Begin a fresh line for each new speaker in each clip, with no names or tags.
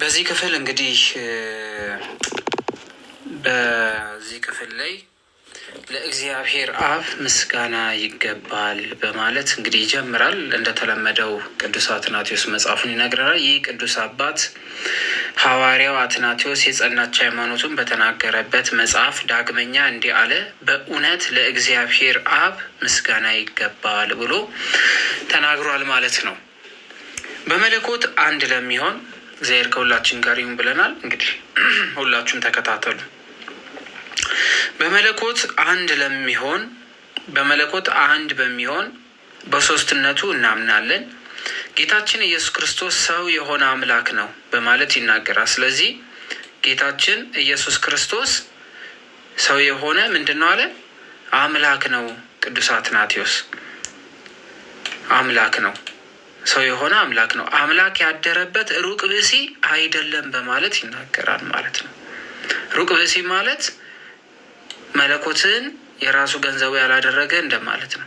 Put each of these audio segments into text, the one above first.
በዚህ ክፍል እንግዲህ በዚህ ክፍል ላይ ለእግዚአብሔር አብ ምስጋና ይገባል በማለት እንግዲህ ይጀምራል። እንደተለመደው ቅዱስ አትናቴዎስ መጽሐፉን ይነግረናል። ይህ ቅዱስ አባት ሐዋርያው አትናቴዎስ የጸናች ሃይማኖቱን በተናገረበት መጽሐፍ ዳግመኛ እንዲህ አለ፣ በእውነት ለእግዚአብሔር አብ ምስጋና ይገባል ብሎ ተናግሯል ማለት ነው። በመለኮት አንድ ለሚሆን እግዚአብሔር ከሁላችን ጋር ይሁን ብለናል። እንግዲህ ሁላችሁም ተከታተሉ። በመለኮት አንድ ለሚሆን በመለኮት አንድ በሚሆን በሶስትነቱ እናምናለን። ጌታችን ኢየሱስ ክርስቶስ ሰው የሆነ አምላክ ነው በማለት ይናገራል። ስለዚህ ጌታችን ኢየሱስ ክርስቶስ ሰው የሆነ ምንድን ነው አለ? አምላክ ነው። ቅዱስ አትናቴዎስ አምላክ ነው። ሰው የሆነ አምላክ ነው። አምላክ ያደረበት ሩቅ ብእሲ አይደለም በማለት ይናገራል ማለት ነው። ሩቅ ብእሲ ማለት መለኮትን የራሱ ገንዘቡ ያላደረገ እንደማለት ነው።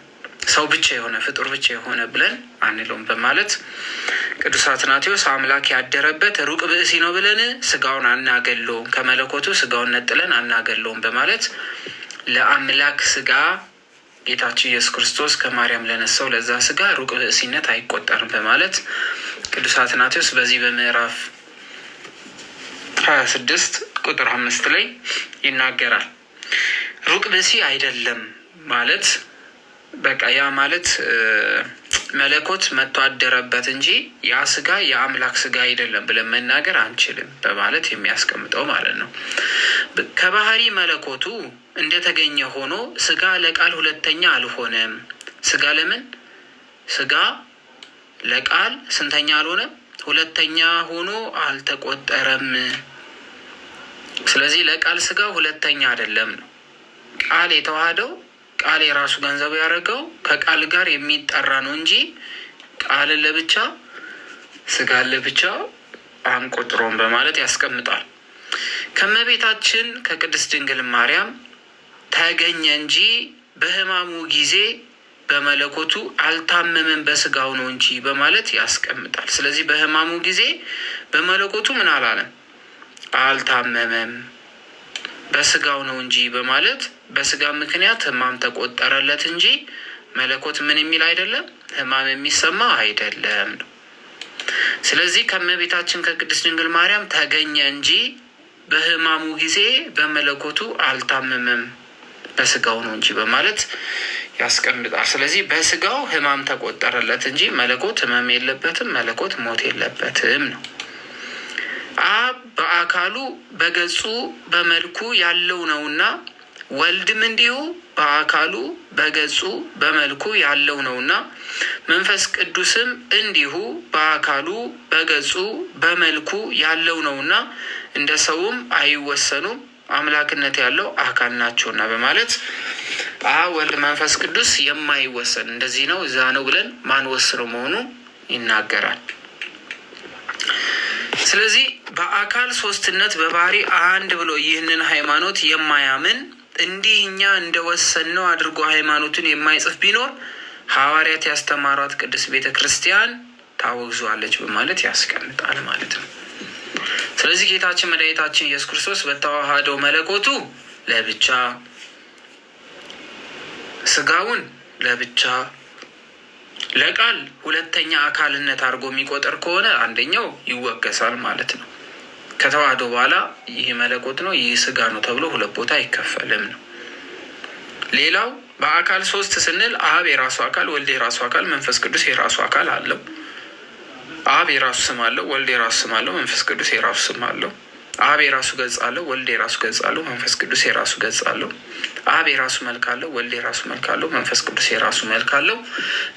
ሰው ብቻ የሆነ ፍጡር ብቻ የሆነ ብለን አንለውም በማለት ቅዱስ አትናቴዎስ አምላክ ያደረበት ሩቅ ብእሲ ነው ብለን ስጋውን አናገለውም፣ ከመለኮቱ ስጋውን ነጥለን አናገለውም በማለት ለአምላክ ስጋ ጌታችን ኢየሱስ ክርስቶስ ከማርያም ለነሳው ለዛ ስጋ ሩቅ ብእሲነት አይቆጠርም በማለት ቅዱስ አትናቴዎስ በዚህ በምዕራፍ ሀያ ስድስት ቁጥር አምስት ላይ ይናገራል። ሩቅ ብእሲ አይደለም ማለት በቃ ያ ማለት መለኮት መጥቶ አደረበት እንጂ ያ ስጋ የአምላክ ስጋ አይደለም ብለን መናገር አንችልም በማለት የሚያስቀምጠው ማለት ነው። ከባህሪ መለኮቱ እንደተገኘ ሆኖ ስጋ ለቃል ሁለተኛ አልሆነም። ስጋ ለምን ስጋ ለቃል ስንተኛ አልሆነም? ሁለተኛ ሆኖ አልተቆጠረም። ስለዚህ ለቃል ስጋ ሁለተኛ አይደለም ነው። ቃል የተዋህደው ቃል የራሱ ገንዘብ ያደረገው ከቃል ጋር የሚጠራ ነው እንጂ ቃልን ለብቻ ስጋን ለብቻ አንቆጥሮም በማለት ያስቀምጣል። ከእመቤታችን ከቅድስት ድንግል ማርያም ተገኘ እንጂ በህማሙ ጊዜ በመለኮቱ አልታመመም በስጋው ነው እንጂ በማለት ያስቀምጣል። ስለዚህ በህማሙ ጊዜ በመለኮቱ ምን አላለም? አልታመመም በስጋው ነው እንጂ በማለት በስጋ ምክንያት ህማም ተቆጠረለት እንጂ መለኮት ምን የሚል አይደለም፣ ህማም የሚሰማ አይደለም ነው። ስለዚህ ከእመቤታችን ከቅድስት ድንግል ማርያም ተገኘ እንጂ በህማሙ ጊዜ በመለኮቱ አልታመመም በስጋው ነው እንጂ በማለት ያስቀምጣል። ስለዚህ በስጋው ህማም ተቆጠረለት እንጂ መለኮት ህመም የለበትም፣ መለኮት ሞት የለበትም ነው። አብ በአካሉ በገጹ በመልኩ ያለው ነውና ወልድም እንዲሁ በአካሉ በገጹ በመልኩ ያለው ነውና መንፈስ ቅዱስም እንዲሁ በአካሉ በገጹ በመልኩ ያለው ነውና እንደ ሰውም አይወሰኑም። አምላክነት ያለው አካል ናቸውና በማለት አ ወልድ መንፈስ ቅዱስ የማይወሰን እንደዚህ ነው እዛ ነው ብለን ማንወስነው መሆኑ ይናገራል። ስለዚህ በአካል ሶስትነት በባህሪ አንድ ብሎ ይህንን ሃይማኖት የማያምን እንዲህ እኛ እንደወሰንነው አድርጎ ሃይማኖቱን የማይጽፍ ቢኖር ሐዋርያት ያስተማሯት ቅድስት ቤተ ክርስቲያን ታወግዟለች በማለት ያስቀምጣል ማለት ነው። ስለዚህ ጌታችን መድኃኒታችን ኢየሱስ ክርስቶስ በተዋሃደው መለኮቱ ለብቻ ስጋውን ለብቻ ለቃል ሁለተኛ አካልነት አድርጎ የሚቆጠር ከሆነ አንደኛው ይወገሳል ማለት ነው። ከተዋህዶ በኋላ ይህ መለኮት ነው፣ ይህ ስጋ ነው ተብሎ ሁለት ቦታ አይከፈልም ነው። ሌላው በአካል ሶስት ስንል አብ የራሱ አካል፣ ወልድ የራሱ አካል፣ መንፈስ ቅዱስ የራሱ አካል አለው። አብ የራሱ ስም አለው፣ ወልድ የራሱ ስም አለው፣ መንፈስ ቅዱስ የራሱ ስም አለው። አብ የራሱ ገጽ አለው፣ ወልድ የራሱ ገጽ አለው፣ መንፈስ ቅዱስ የራሱ ገጽ አለው። አብ የራሱ መልክ አለው፣ ወልድ የራሱ መልክ አለው፣ መንፈስ ቅዱስ የራሱ መልክ አለው።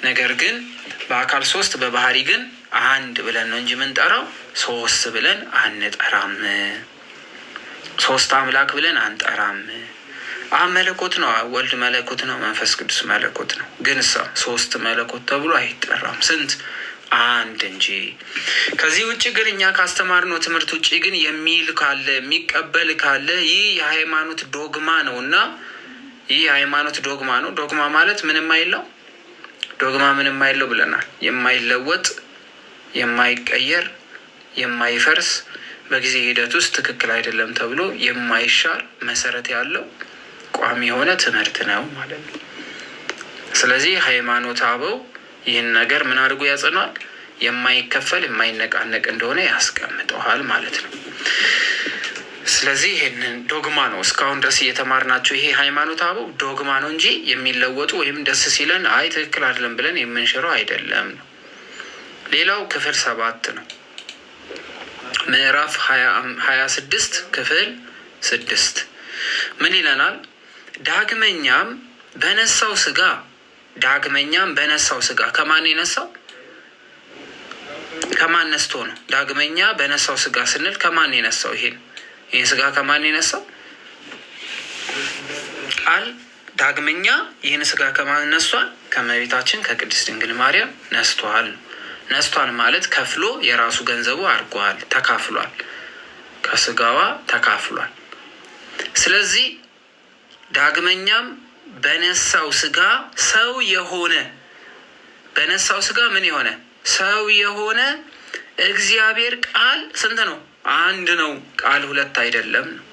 ነገር ግን በአካል ሶስት በባህሪ ግን አንድ ብለን ነው እንጂ የምንጠራው ሶስት ብለን አንጠራም። ሶስት አምላክ ብለን አንጠራም። አብ መለኮት ነው፣ ወልድ መለኮት ነው፣ መንፈስ ቅዱስ መለኮት ነው። ግን እሳ ሶስት መለኮት ተብሎ አይጠራም። ስንት አንድ እንጂ ከዚህ ውጭ ግን እኛ ካስተማርነው ትምህርት ውጭ ግን የሚል ካለ የሚቀበል ካለ ይህ የሃይማኖት ዶግማ ነው እና ይህ የሃይማኖት ዶግማ ነው። ዶግማ ማለት ምንም አይለው ዶግማ ምንም አይለው ብለናል። የማይለወጥ የማይቀየር የማይፈርስ በጊዜ ሂደት ውስጥ ትክክል አይደለም ተብሎ የማይሻር መሰረት ያለው ቋሚ የሆነ ትምህርት ነው ማለት ነው። ስለዚህ ሃይማኖት አበው ይህን ነገር ምን አድርጎ ያጸኗል? የማይከፈል የማይነቃነቅ እንደሆነ ያስቀምጠዋል ማለት ነው። ስለዚህ ይህንን ዶግማ ነው እስካሁን ድረስ እየተማርናቸው። ይሄ ሃይማኖት አበው ዶግማ ነው እንጂ የሚለወጡ ወይም ደስ ሲለን አይ ትክክል አይደለም ብለን የምንሽረው አይደለም። ሌላው ክፍል ሰባት ነው ምዕራፍ ሀያ ስድስት ክፍል ስድስት ምን ይለናል? ዳግመኛም በነሳው ስጋ ዳግመኛም በነሳው ስጋ ከማን የነሳው ከማን ነስቶ ነው? ዳግመኛ በነሳው ስጋ ስንል ከማን የነሳው ይሄን ይህን ስጋ ከማን የነሳው ቃል ዳግመኛ ይህን ስጋ ከማን ነስቷል? ከመቤታችን ከቅድስት ድንግል ማርያም ነስቷል። ነስቷል ማለት ከፍሎ የራሱ ገንዘቡ አድርጓል፣ ተካፍሏል፣ ከስጋዋ ተካፍሏል። ስለዚህ ዳግመኛም በነሳው ስጋ ሰው የሆነ በነሳው ስጋ ምን የሆነ ሰው የሆነ እግዚአብሔር ቃል ስንት ነው? አንድ ነው። ቃል ሁለት አይደለም ነው።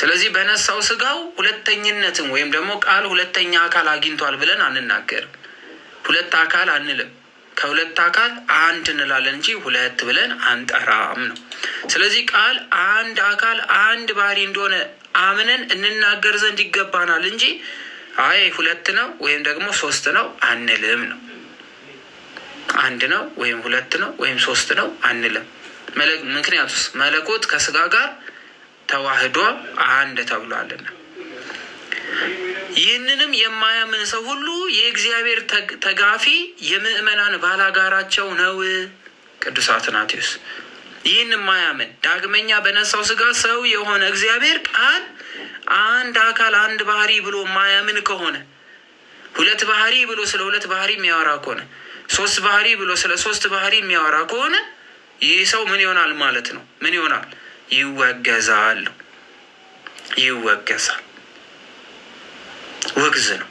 ስለዚህ በነሳው ስጋው ሁለተኝነትን ወይም ደግሞ ቃል ሁለተኛ አካል አግኝቷል ብለን አንናገርም። ሁለት አካል አንልም። ከሁለት አካል አንድ እንላለን እንጂ ሁለት ብለን አንጠራም ነው። ስለዚህ ቃል አንድ አካል አንድ ባህሪ እንደሆነ አምነን እንናገር ዘንድ ይገባናል እንጂ አይ ሁለት ነው ወይም ደግሞ ሶስት ነው አንልም ነው። አንድ ነው ወይም ሁለት ነው ወይም ሶስት ነው አንልም። ምክንያቱስ መለኮት ከስጋ ጋር ተዋህዶ አንድ ተብሏልና። ይህንንም የማያምን ሰው ሁሉ የእግዚአብሔር ተጋፊ የምእመናን ባላጋራቸው ነው። ቅዱስ አትናቴዎስ ይህን የማያምን ዳግመኛ በነሳው ስጋ ሰው የሆነ እግዚአብሔር ቃል አንድ አካል አንድ ባህሪ ብሎ ማያምን ከሆነ ሁለት ባህሪ ብሎ ስለ ሁለት ባህሪ የሚያወራ ከሆነ ሶስት ባህሪ ብሎ ስለ ሶስት ባህሪ የሚያወራ ከሆነ ይህ ሰው ምን ይሆናል ማለት ነው? ምን ይሆናል? ይወገዛል። ይወገዛል። ውግዝ ነው።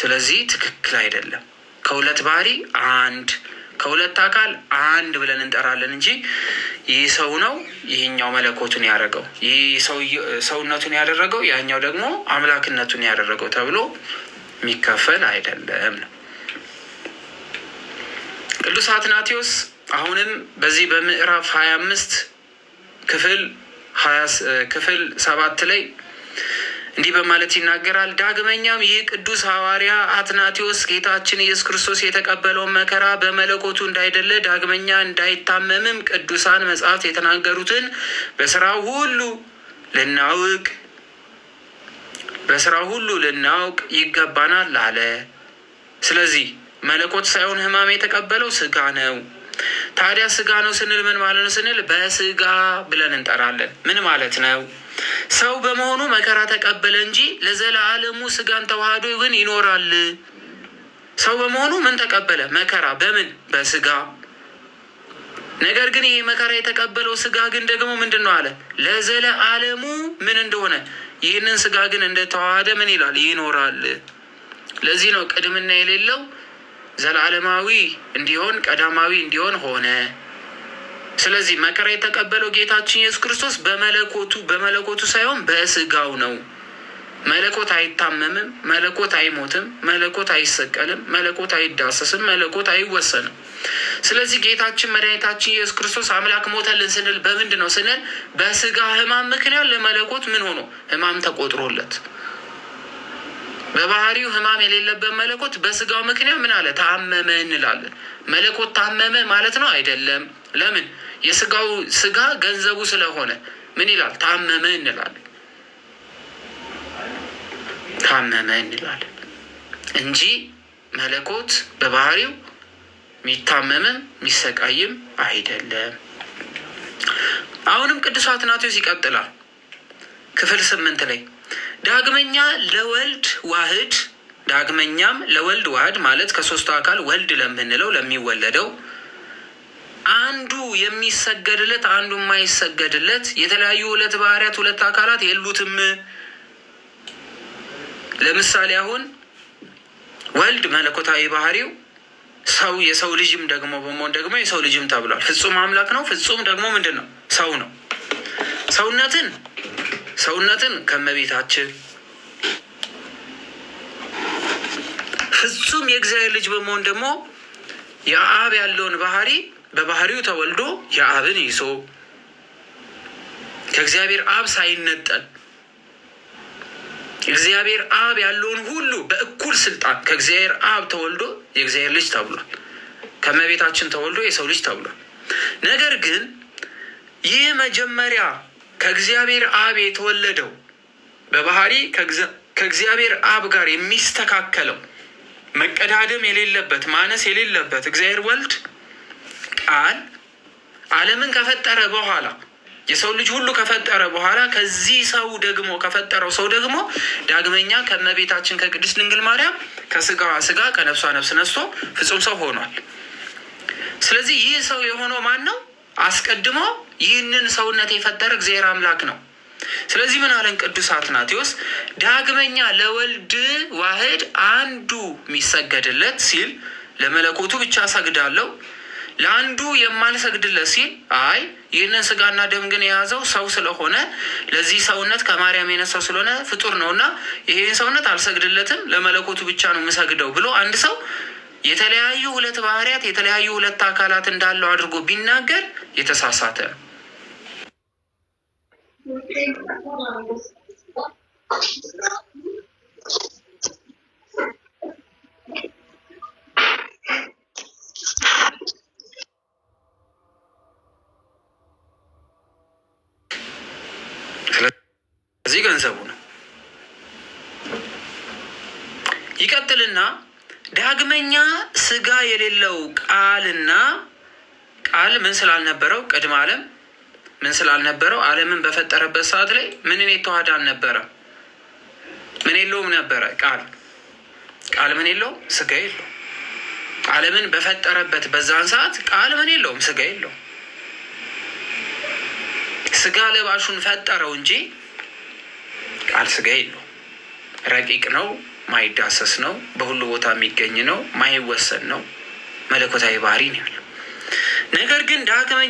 ስለዚህ ትክክል አይደለም። ከሁለት ባህሪ አንድ ከሁለት አካል አንድ ብለን እንጠራለን እንጂ ይህ ሰው ነው ይህኛው መለኮቱን ያደረገው፣ ይህ ሰውነቱን ያደረገው ያኛው ደግሞ አምላክነቱን ያደረገው ተብሎ የሚከፈል አይደለም ነው። ቅዱስ አትናቴዎስ አሁንም በዚህ በምዕራፍ ሀያ አምስት ክፍል ክፍል ሰባት ላይ እንዲህ በማለት ይናገራል። ዳግመኛም ይህ ቅዱስ ሐዋርያ አትናቴዎስ ጌታችን ኢየሱስ ክርስቶስ የተቀበለውን መከራ በመለኮቱ እንዳይደለ ዳግመኛ እንዳይታመምም ቅዱሳን መጽሐፍት የተናገሩትን በስራ ሁሉ ልናውቅ በስራ ሁሉ ልናውቅ ይገባናል አለ። ስለዚህ መለኮት ሳይሆን ህማም የተቀበለው ስጋ ነው። ታዲያ ስጋ ነው ስንል ምን ማለት ነው ስንል በስጋ ብለን እንጠራለን። ምን ማለት ነው? ሰው በመሆኑ መከራ ተቀበለ እንጂ ለዘላለሙ ስጋን ተዋህዶ ግን ይኖራል። ሰው በመሆኑ ምን ተቀበለ? መከራ። በምን? በስጋ ነገር ግን ይሄ መከራ የተቀበለው ስጋ ግን ደግሞ ምንድን ነው አለ? ለዘለ አለሙ ምን እንደሆነ ይህንን ስጋ ግን እንደተዋሃደ ምን ይላል? ይኖራል። ለዚህ ነው ቅድምና የሌለው ዘላለማዊ እንዲሆን ቀዳማዊ እንዲሆን ሆነ። ስለዚህ መከራ የተቀበለው ጌታችን ኢየሱስ ክርስቶስ በመለኮቱ በመለኮቱ ሳይሆን በስጋው ነው። መለኮት አይታመምም፣ መለኮት አይሞትም፣ መለኮት አይሰቀልም፣ መለኮት አይዳሰስም፣ መለኮት አይወሰንም። ስለዚህ ጌታችን መድኃኒታችን ኢየሱስ ክርስቶስ አምላክ ሞተልን ስንል በምንድን ነው ስንል፣ በስጋ ህማም ምክንያት ለመለኮት ምን ሆኖ ህማም ተቆጥሮለት በባህሪው ህማም የሌለበት መለኮት በስጋው ምክንያት ምን አለ ታመመ እንላለን። መለኮት ታመመ ማለት ነው አይደለም። ለምን የስጋው ስጋ ገንዘቡ ስለሆነ ምን ይላል ታመመ እንላለን። ታመመ እንላለን እንጂ መለኮት በባህሪው የሚታመምም የሚሰቃይም አይደለም። አሁንም ቅዱስ አትናቴዎስ ይቀጥላል ክፍል ስምንት ላይ ዳግመኛ ለወልድ ዋህድ ዳግመኛም ለወልድ ዋህድ ማለት ከሶስቱ አካል ወልድ ለምንለው ለሚወለደው አንዱ የሚሰገድለት አንዱ የማይሰገድለት የተለያዩ ሁለት ባህሪያት ሁለት አካላት የሉትም። ለምሳሌ አሁን ወልድ መለኮታዊ ባህሪው ሰው የሰው ልጅም ደግሞ በመሆን ደግሞ የሰው ልጅም ተብሏል። ፍጹም አምላክ ነው። ፍጹም ደግሞ ምንድን ነው? ሰው ነው። ሰውነትን ሰውነትን ከመቤታችን ፍጹም የእግዚአብሔር ልጅ በመሆን ደግሞ የአብ ያለውን ባህሪ በባህሪው ተወልዶ የአብን ይዞ ከእግዚአብሔር አብ ሳይነጠል እግዚአብሔር አብ ያለውን ሁሉ በእኩል ስልጣን ከእግዚአብሔር አብ ተወልዶ የእግዚአብሔር ልጅ ተብሏል። ከመቤታችን ተወልዶ የሰው ልጅ ተብሏል። ነገር ግን ይህ መጀመሪያ ከእግዚአብሔር አብ የተወለደው በባህሪ ከእግዚአብሔር አብ ጋር የሚስተካከለው መቀዳደም የሌለበት ማነስ የሌለበት እግዚአብሔር ወልድ ቃል ዓለምን ከፈጠረ በኋላ የሰው ልጅ ሁሉ ከፈጠረ በኋላ ከዚህ ሰው ደግሞ ከፈጠረው ሰው ደግሞ ዳግመኛ ከእመቤታችን ከቅድስት ድንግል ማርያም ከስጋዋ ስጋ ከነፍሷ ነፍስ ነስቶ ፍጹም ሰው ሆኗል። ስለዚህ ይህ ሰው የሆነው ማን ነው? አስቀድሞ ይህንን ሰውነት የፈጠረ እግዚአብሔር አምላክ ነው። ስለዚህ ምን አለን ቅዱስ አትናቴዎስ? ዳግመኛ ለወልድ ዋህድ አንዱ የሚሰገድለት ሲል ለመለኮቱ ብቻ ሰግዳለሁ፣ ለአንዱ የማልሰግድለት ሲል አይ ይህንን ስጋና ደም ግን የያዘው ሰው ስለሆነ ለዚህ ሰውነት ከማርያም የነሳው ስለሆነ ፍጡር ነውና ይሄን ሰውነት አልሰግድለትም፣ ለመለኮቱ ብቻ ነው የምሰግደው ብሎ አንድ ሰው የተለያዩ ሁለት ባህሪያት የተለያዩ ሁለት አካላት እንዳለው አድርጎ ቢናገር የተሳሳተ ነው። ስለዚህ ገንዘቡ ነው። ይቀጥልና ዳግመኛ ስጋ የሌለው ቃልና ቃል ምን ስላልነበረው ቅድመ ዓለም ምን ስላልነበረው ዓለምን በፈጠረበት ሰዓት ላይ ምንን የተዋሃደ አልነበረም። ምን የለውም ነበረ ቃል ቃል ምን የለውም ስጋ የለውም። ዓለምን በፈጠረበት በዛን ሰዓት ቃል ምን የለውም ስጋ የለውም። ስጋ ለባሹን ፈጠረው እንጂ ቃል ስጋ የለውም። ረቂቅ ነው። ማይዳሰስ ነው። በሁሉ ቦታ የሚገኝ ነው። ማይወሰን ነው። መለኮታዊ ባህሪ ነው ያለው ነገር ግን ዳግመ